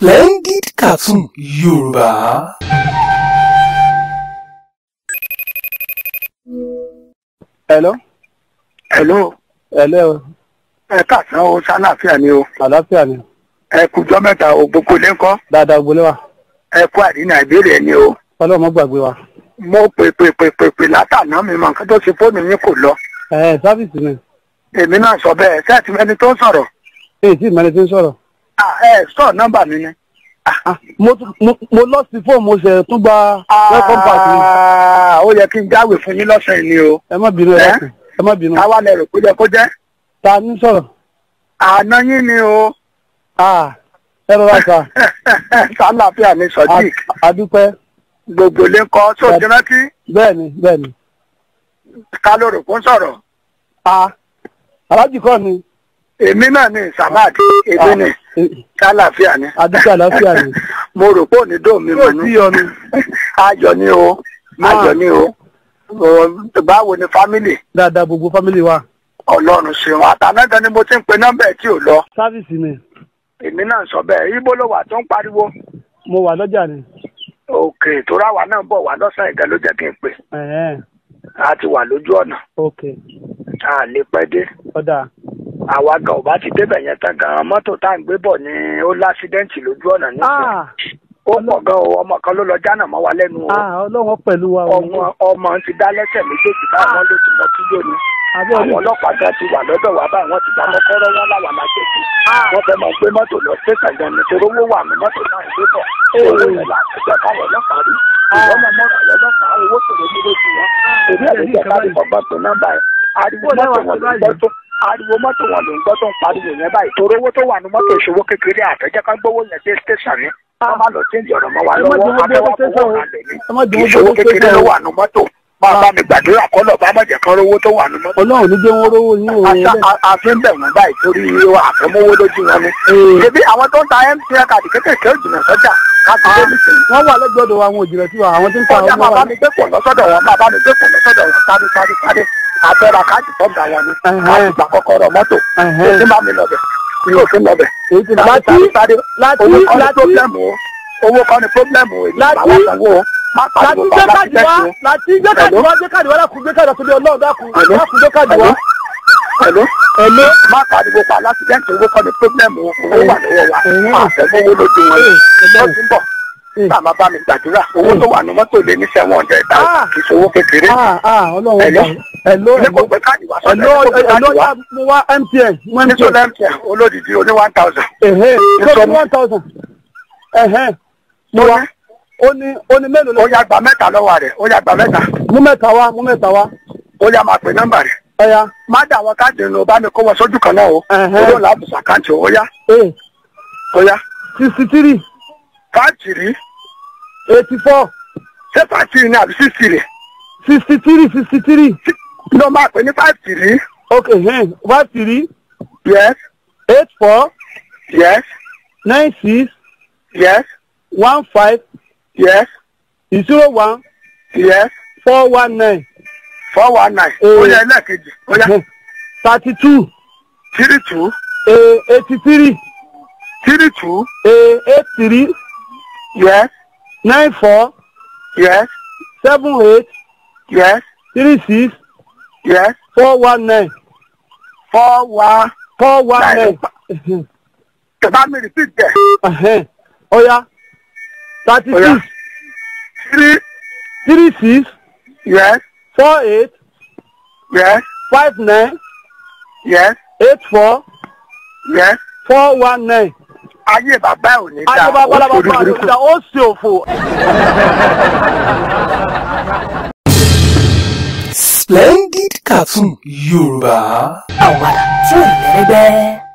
Splendid Cartoon Yoruba Hello. Hello. Hello. Ẹ káàsán o, ni o. ni. Ẹ mẹ́ta o, gbogbo ilé ń kọ́. Dáadáa gbogbo wa. Ẹ kú àdínà ìbéèrè ni gbàgbé wa. Mo pè pè pè pè pè látàná mi mọ̀ nǹkan lọ. Ẹ Èmi náà sọ bẹ́ẹ̀, ṣé ẹ ti mẹni tó ẹ sọ nọmba mi ni. Ah, mo lọ sí mo ṣe tún gba ah, welcome pass mi. ó yẹ kí n fún yín lọ́sàn ni o. ẹ má bínú ẹ má eh? bínú. káwa lẹ rò kó jẹ kó jẹ. ta ni sọrọ. àná yín ni o. Ah, ẹ rọra sa. fi ni sodiq. adúpẹ́. gbogbo lè kọ so rántí. bẹ́ẹ̀ni bẹ́ẹ̀ni. ká ló rò kó èmi náà ni samad èmi ni kálàfíà ah, eh, eh. ni. adúgbò àlàáfíà ni. mo rò pé òní dùn mí mọ́nú. yóò ti yọ ni. ayọ̀ ni o ah. ayọ̀ ni o báwo ni fámìlì. dáadáa gbogbo fámìlì wa. ọlọ́run ṣeun àtàná gan ni mo ti ń pe nọ́mbà ẹ̀ tí ò lọ. sáfìsì ni. èmi náà sọ bẹ́ẹ̀ ibo ló wà tó ń pariwo. mo wà lọ́jà ni. ok tóra wa náà bọ̀ wá lọ́sàn-án ìgbà ló jẹ́ kí n pè. a ti wà lójú ọ̀nà. ok. a lè pẹ́ dé. ọ̀dà. àwa gan ò ti débẹ̀ yẹn tán gan mọ́tò tá à ń gbé bọ̀ ni ó lásídẹ́ǹtì lójú ọ̀nà nígbà ah. ó pọ̀ gan o ọmọ kan ló lọ jánà mọ́ wa lẹ́nu o ah, ọmọ ti dá lẹ́sẹ̀ méjèèjì ló ti mọ túbò ni àwọn ọlọ́pàá kan ti wà lọ́dọ̀ wa báyìí wọ́n ti gba kọ́kọ́rọ́ wọn láwa ah. wọ́n fẹ́ mọ̀ pé mọ́tò lọ sí ni wà mí mọ́tò náà ń gbé bọ̀ eh. ariwo mọ́tò wọn ló ń gbọ́ tó ariwo mọ́tò wọn ló ń gbọ́ tó ń pariwo yẹn báyìí torí owó tó wà ní mọ́tò ìṣòwò kékeré àtẹ̀jẹ́ ká gbówó yẹn dé station ni wọ́n máa lọ síndìí ọ̀rọ̀ mọ́ wa lọ́wọ́ abẹ́wà fowó kalẹ̀ ni ìṣòwò kékeré ló wà ní mọ́tò máa bá mi gbàdúrà kọ́ lọ́ọ́ bá mọ̀jẹ̀ kan rówó tó wà ní mọ́tò. ọlọ́run ní gbé wọn rówó yín òun yẹn a fi ń bẹ̀ wọ́n báyìí torí àfọmọ́wó lójú wọn ni. ṣebí àwọn tó ń ta mtn káàdì kékèké ò jìnnà sọ́jà wọ́n wà lọ́gbọ́dọ̀ àwọn òjìrẹ́ tí wọ́n àwọn tí ń ta ọmọ wa. ọjà máa bá mi gbé lọ́sọ̀dọ̀ wọn máa bá mi gbé lọ́sọ̀dọ̀ wọn sáré sáré sáré abẹ́ra káàdì tó gbà wọn ni láti gba kọ́kọ́rọ́ mọ́tò èyí máa mi lọ́bẹ̀ mi ò fún lọ́bẹ̀. láti láti láti owó kọ́ ni pọ́blẹ́mù o owó kọ́ ni pọ́blẹ́mù o èmi bàbá sanwó o má pariwo bàbá jẹ́ sí o. láti gbé káàdì wá gbé káàdì wá lákùn gbé káàdì wá tóbi ọlọ́run dákun lákùn gbé káàdì wá. ẹ̀ló ẹ̀ló má pariwo pa láti dẹ́ntì owó kọ́ ni pọ́blẹ́mù o owó wà lọ́wọ́ wa àtẹ̀mọ́wó lójú wọn lọ́dún bọ̀. bàbá hmm. bá mi gbàdúrà owó tó wà ní mọ́tò lé ní seven hundred thousand ah. kì í ṣe owó kékeré. mo wá mpn. olódìdí one thousand. ní one thousand. ó ní ó ní mélòó mẹ́ta lọ́wọ́ rẹ̀ mẹ́ta. mú mẹ́ta wá mú mẹ́ta wá. máa pè nọ́mbà rẹ̀. má dà káàdì bá o. owó fàtìrí. eighty four. ṣé fàtìrí ni àbí sixty three, sixty three sixty three. ló máa pè ní fàtìrí. ok eh, fàtìrí. yes. eight four. yes. nine six. yes. one five. yes. zero one. yes. four one nine. four one nine. Eh. ó yẹ ẹlẹ́ẹ̀kejì ó yẹ. Eh. thirty two. three two. eighty three. three two. eight three yes nine four yes seven eight yes three six yes four one nine four one four one nine. kẹfà mi repeat there. oya thirty six three three six yes four eight yes five nine yes eight four yes four one nine ayé bàbá ò ní dáa ó ṣe òfò. ó ṣe òfò. Splendid Cartoon Yorùbá àwàdà tí ò lẹ́gbẹ́.